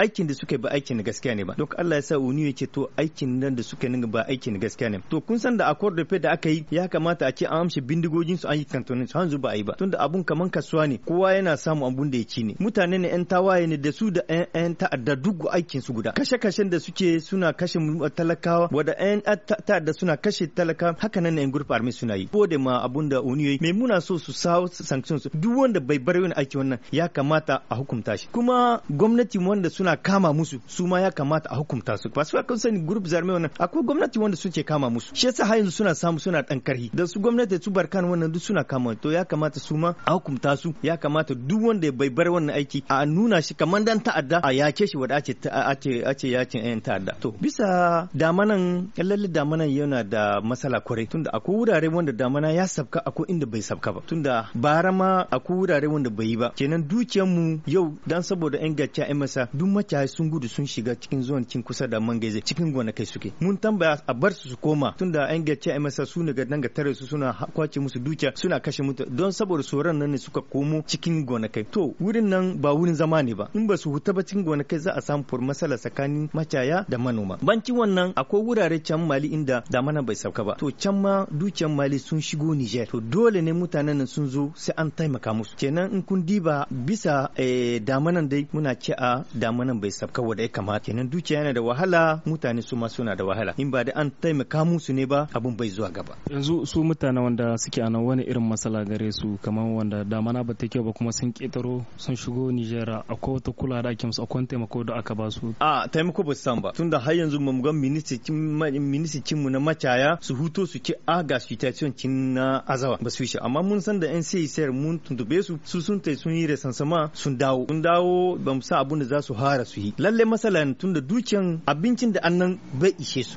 aikin da suka ba aikin gaskiya ne ba don Allah ya sa uniyo yake to aikin nan da suka ninga ba aikin gaskiya ne to kun san da accord da da aka yi ya kamata a ce an amshi bindigogin su an yi kantonin su hanzu ba ai ba tunda abun kaman kasuwa ne kowa yana samu abun da ya ne mutane ne yan tawaye ne da su da yan ta'adda duk aikin su guda kashe kashen da suke suna kashe talakawa wada yan ta'adda suna kashe talaka haka nan yan group army suna yi ko da ma abun da uniyo mai muna so su sa sanctions duk wanda bai bar yin aiki wannan ya kamata a hukunta shi kuma gwamnati wanda suna ana kama musu su ma ya kamata a hukunta su ba su ka sani group zarme wannan akwai gwamnati wanda suke kama musu shi yasa har yanzu suna samu suna dan karhi da su gwamnati su barkan wannan duk suna kama to ya kamata su ma a hukunta su ya kamata duk wanda bai bar wannan aiki a nuna shi kamar dan ta'adda a yake shi wanda a a ace yakin yan ta'adda to bisa damanan lalle damanan yana da masala kwarai tunda akwai wurare wanda damana ya sabka akwai inda bai sabka ba tunda bara ma akwai wurare wanda bai yi ba kenan dukiyar mu yau dan saboda yan gacca yan masa duk makiyaye sun gudu sun shiga cikin zuwan cin kusa da mangaize cikin gonakai suke mun tambaya a bar su su koma tunda an ga ce masa su ne ga nan ga tare su suna kwace musu dukiya suna kashe mutu don saboda tsoron nan ne suka komo cikin gonakai to wurin nan ba wurin zama ne ba in ba su huta ba cikin gonakai za a samu fur masala tsakanin macaya da manoma banci wannan akwai wurare can mali inda damana bai sauka ba to can ma dukiyan mali sun shigo Niger to dole ne mutanen nan sun zo sai an taimaka musu kenan in kun diba bisa eh, damanan dai muna ce a damanan wannan bai sabka wanda ya kamata kenan dukiya yana da wahala mutane su ma suna da wahala in ba da an taimaka musu ne ba abun bai zuwa gaba yanzu su mutane wanda suke ana wani irin matsala gare su kamar wanda dama ba ta kyau ba kuma sun ketaro sun shigo Nijera akwai wata kula da ake musu akwai taimako da aka ba su a taimako ba su san ba tunda har yanzu mu ga ministocin mu na macaya su huto su ci aga situation cin na azawa ba su shi amma mun san da yan sai mun tuntube su su sun tai sun yi da sansama sun dawo sun dawo ba mu sa abun da za su gyara su yi lalle masalan tunda dukiyan abincin da annan bai ishe su